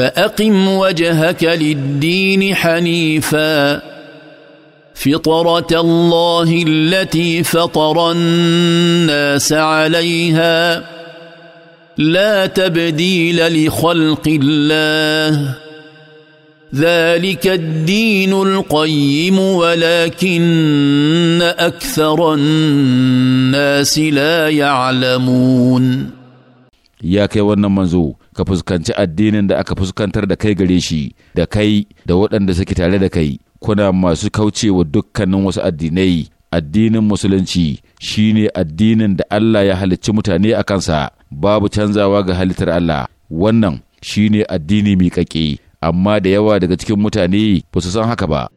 فاقم وجهك للدين حنيفا فطره الله التي فطر الناس عليها لا تبديل لخلق الله ذلك الدين القيم ولكن اكثر الناس لا يعلمون ya kai wannan manzo ka fuskanci addinin da aka fuskantar da kai gare shi da kai da waɗanda suke tare da kai kuna masu kaucewa dukkanin wasu addinai addinin musulunci shine addinin da Allah ya halicci mutane a kansa babu canzawa ga halittar Allah wannan shine addini miƙaƙe amma da yawa daga cikin mutane ba su san haka ba